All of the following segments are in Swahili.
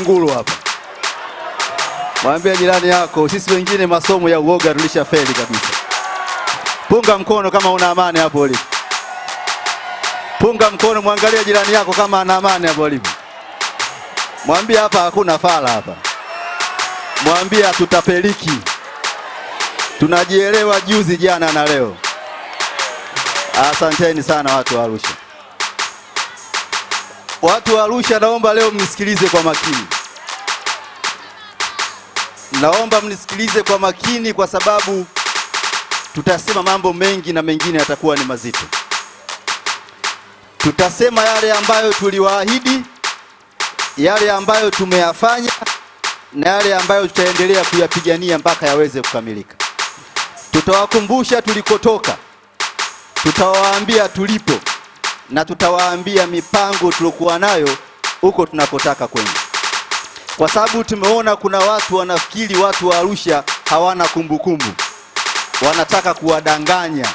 Mkunguru hapa. Mwambie jirani yako, sisi wengine masomo ya uoga feli kabisa. Punga mkono kama una amani hapo ulipo. Punga mkono, mwangalie jirani yako kama ana amani hapo ulipo. Mwambie hapa hakuna fala hapa. Mwambie hatutapeliki. Tunajielewa juzi, jana na leo. Asanteni sana watu wa Arusha. Watu wa Arusha, naomba leo mnisikilize kwa makini, naomba mnisikilize kwa makini, kwa sababu tutasema mambo mengi na mengine yatakuwa ni mazito. Tutasema yale ambayo tuliwaahidi, yale ambayo tumeyafanya na yale ambayo tutaendelea kuyapigania mpaka yaweze kukamilika. Tutawakumbusha tulikotoka, tutawaambia tulipo na tutawaambia mipango tuliokuwa nayo huko tunapotaka kwenda, kwa sababu tumeona kuna watu wanafikiri watu wa Arusha hawana kumbukumbu kumbu. Wanataka kuwadanganya,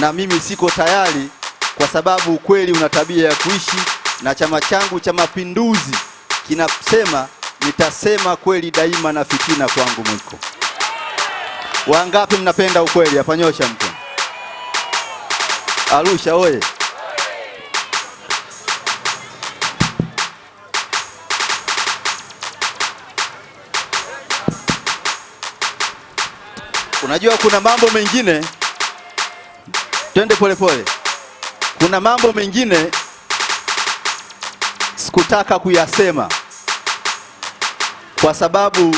na mimi siko tayari, kwa sababu ukweli una tabia ya kuishi, na chama changu cha Mapinduzi kinasema nitasema kweli daima na fitina kwangu mwiko. Wangapi mnapenda ukweli? apanyosha mkono. Arusha oye! Unajua kuna mambo mengine, twende polepole. Kuna mambo mengine sikutaka kuyasema kwa sababu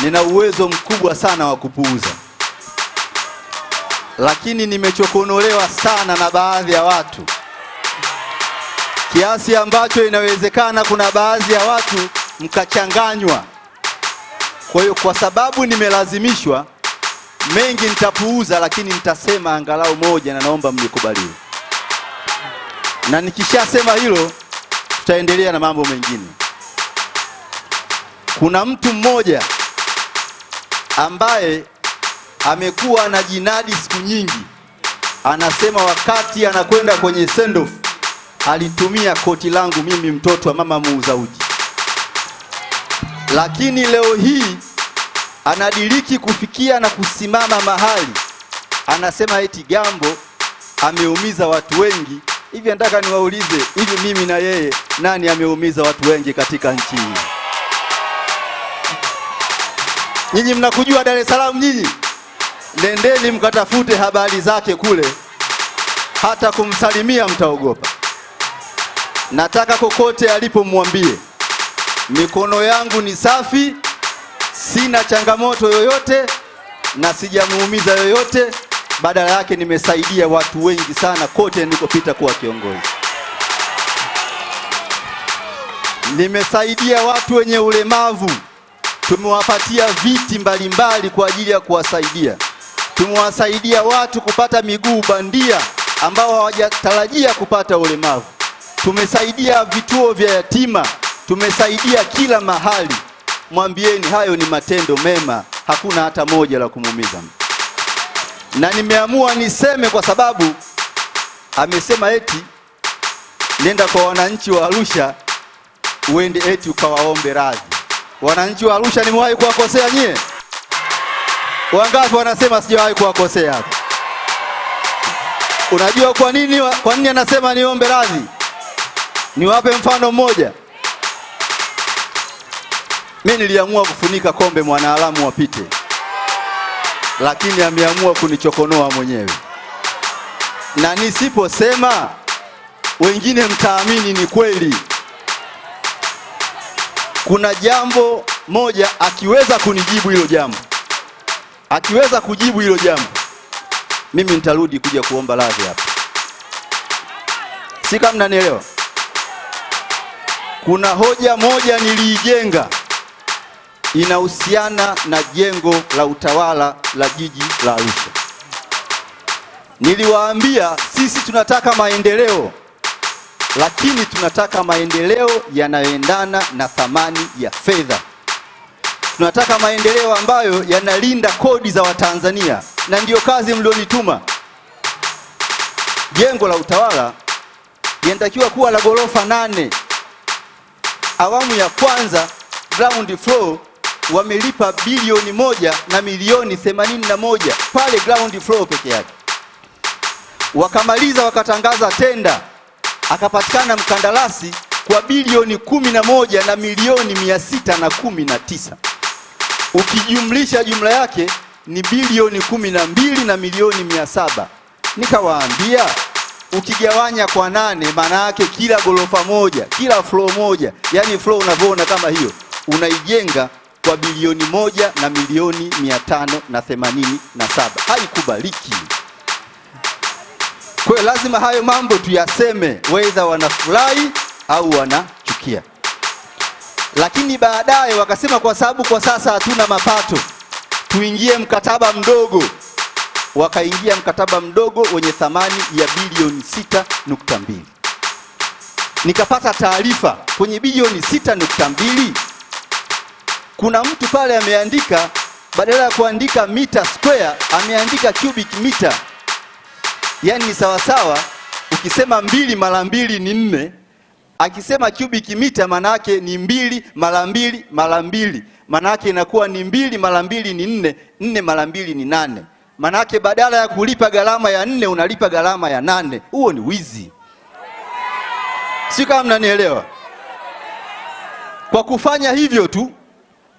nina uwezo mkubwa sana wa kupuuza, lakini nimechokonolewa sana na baadhi ya watu kiasi ambacho inawezekana kuna baadhi ya watu mkachanganywa. Kwa hiyo kwa sababu nimelazimishwa mengi nitapuuza, lakini nitasema angalau moja, na naomba mlikubaliwe Na nikishasema hilo, tutaendelea na mambo mengine. Kuna mtu mmoja ambaye amekuwa na jinadi siku nyingi, anasema wakati anakwenda kwenye sendoff alitumia koti langu mimi, mtoto wa mama muuza uji, lakini leo hii anadiriki kufikia na kusimama mahali anasema eti Gambo ameumiza watu wengi. Hivi nataka niwaulize, hivi mimi na yeye nani ameumiza watu wengi katika nchi hii? Nyinyi mnakujua Dar es Salaam, nyinyi nendeni mkatafute habari zake kule, hata kumsalimia mtaogopa. Nataka kokote alipomwambie mikono yangu ni safi Sina changamoto yoyote na sijamuumiza yoyote, badala yake nimesaidia watu wengi sana kote nilikopita kuwa kiongozi. Nimesaidia watu wenye ulemavu, tumewapatia viti mbalimbali kwa ajili ya kuwasaidia. Tumewasaidia watu kupata miguu bandia ambao hawajatarajia kupata ulemavu. Tumesaidia vituo vya yatima, tumesaidia kila mahali mwambieni hayo ni matendo mema, hakuna hata moja la kumuumiza. Na nimeamua niseme kwa sababu amesema eti nenda kwa wananchi wa Arusha uende eti ukawaombe radhi. Wananchi wa Arusha nimewahi kuwakosea nyie? Wangapi wanasema sijawahi kuwakosea hapa? Unajua kwa nini, kwa nini anasema niombe radhi? Niwape mfano mmoja. Mimi niliamua kufunika kombe mwanaalamu wapite, lakini ameamua kunichokonoa mwenyewe, na nisiposema wengine mtaamini ni kweli. Kuna jambo moja, akiweza kunijibu hilo jambo, akiweza kujibu hilo jambo, mimi nitarudi kuja kuomba radhi hapa, si kama mnanielewa. Kuna hoja moja niliijenga inahusiana na jengo la utawala la jiji la Arusha. Niliwaambia sisi tunataka maendeleo, lakini tunataka maendeleo yanayoendana na thamani ya fedha. Tunataka maendeleo ambayo yanalinda kodi za Watanzania, na ndiyo kazi mlionituma. Jengo la utawala linatakiwa kuwa la ghorofa nane. Awamu ya kwanza ground floor wamelipa bilioni moja na milioni themanini na moja pale ground floor peke yake. Wakamaliza wakatangaza tenda, akapatikana mkandarasi kwa bilioni kumi na moja na milioni mia sita na kumi na tisa ukijumlisha jumla yake ni bilioni kumi na mbili na milioni mia saba Nikawaambia ukigawanya kwa nane, maana yake kila gorofa moja, kila floor moja, yani floor unavyoona kama hiyo unaijenga kwa bilioni moja na milioni saba. Haikubaliki. Kwa hiyo lazima hayo mambo tuyaseme, weza wanafurahi au wanachukia. Lakini baadaye wakasema kwa sababu kwa sasa hatuna mapato, tuingie mkataba mdogo. Wakaingia mkataba mdogo wenye thamani ya bilioni 6.2. Nikapata taarifa kwenye bilioni 6.2 kuna mtu pale ameandika badala ya kuandika mita square ameandika cubic mita, yaani ni sawasawa. Ukisema mbili mara mbili ni nne, akisema cubic mita maana yake ni mbili mara mbili mara mbili, maana yake inakuwa ni mbili mara mbili ni nne, nne mara mbili ni nane. Maana yake badala ya kulipa gharama ya nne unalipa gharama ya nane. Huo ni wizi, si kama mnanielewa? Kwa kufanya hivyo tu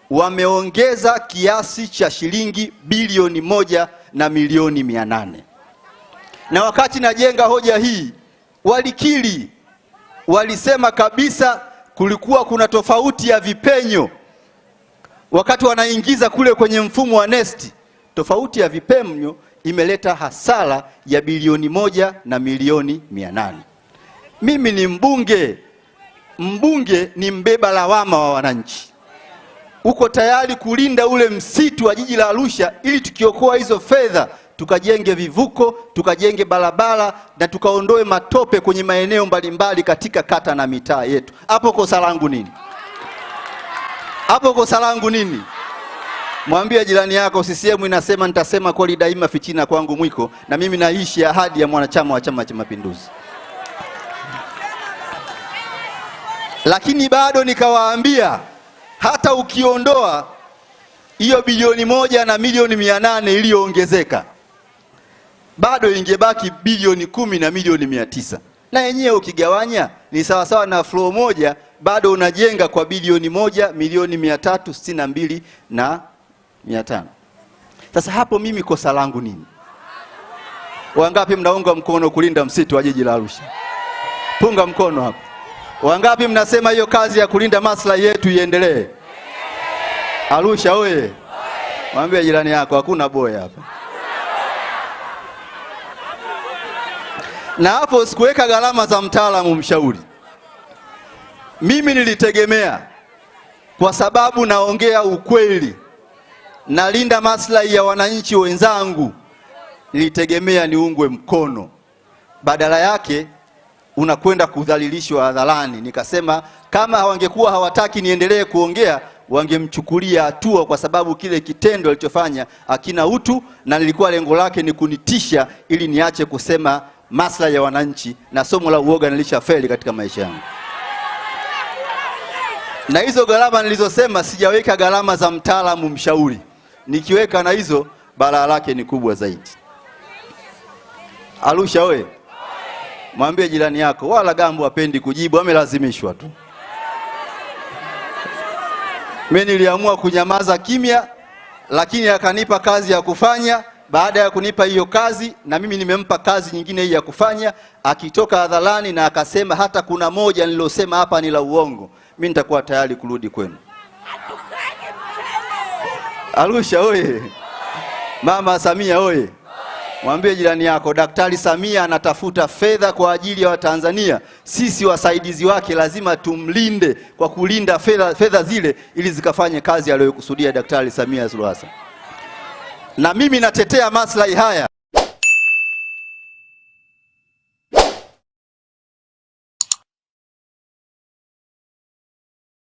wameongeza kiasi cha shilingi bilioni moja na milioni mia nane. Na wakati najenga hoja hii walikiri, walisema kabisa kulikuwa kuna tofauti ya vipenyo wakati wanaingiza kule kwenye mfumo wa nesti. Tofauti ya vipenyo imeleta hasara ya bilioni moja na milioni mia nane. Mimi ni mbunge, mbunge ni mbeba lawama wa wananchi uko tayari kulinda ule msitu wa jiji la Arusha ili tukiokoa hizo fedha tukajenge vivuko, tukajenge barabara na tukaondoe matope kwenye maeneo mbalimbali katika kata na mitaa yetu. Hapo kosa langu nini? Hapo kosa langu nini? Mwambie jirani yako CCM inasema nitasema kweli daima, fichina kwangu mwiko, na mimi naishi ahadi ya mwanachama wa Chama cha Mapinduzi. Lakini bado nikawaambia hata ukiondoa hiyo bilioni moja na milioni mia nane iliyoongezeka bado ingebaki bilioni kumi na milioni mia tisa na yenyewe ukigawanya ni sawasawa na floor moja, bado unajenga kwa bilioni moja milioni mia tatu sitini na mbili na mia tano. Sasa hapo mimi kosa langu nini? Wangapi mnaunga mkono kulinda msitu wa jiji la Arusha? Punga mkono hapo. Wangapi mnasema hiyo kazi ya kulinda maslahi yetu iendelee? Arusha oye! Mwambie jirani yako hakuna boya hapa. Na hapo sikuweka gharama za mtaalamu mshauri. Mimi nilitegemea kwa sababu naongea ukweli, nalinda maslahi ya wananchi wenzangu, nilitegemea niungwe mkono. Badala yake unakwenda kudhalilishwa hadharani. Nikasema kama wangekuwa hawataki niendelee kuongea wangemchukulia hatua, kwa sababu kile kitendo alichofanya akina utu, na nilikuwa lengo lake ni kunitisha ili niache kusema maslahi ya wananchi, na somo la uoga nilishafeli katika maisha yangu. Na hizo gharama nilizosema, sijaweka gharama za mtaalamu mshauri, nikiweka na hizo balaa lake ni kubwa zaidi. Arusha we, mwambie jirani yako, wala Gambo hapendi kujibu, amelazimishwa tu. Mimi niliamua kunyamaza kimya, lakini akanipa kazi ya kufanya. Baada ya kunipa hiyo kazi, na mimi nimempa kazi nyingine hii ya kufanya. Akitoka hadharani na akasema hata kuna moja nililosema hapa ni la uongo, mimi nitakuwa tayari kurudi kwenu. Arusha oye! Mama Samia oye! Mwambie jirani yako, Daktari Samia anatafuta fedha kwa ajili ya Watanzania. Sisi wasaidizi wake lazima tumlinde kwa kulinda fedha, fedha zile ili zikafanye kazi aliyokusudia Daktari Samia Suluhu Hassan. Na mimi natetea maslahi haya.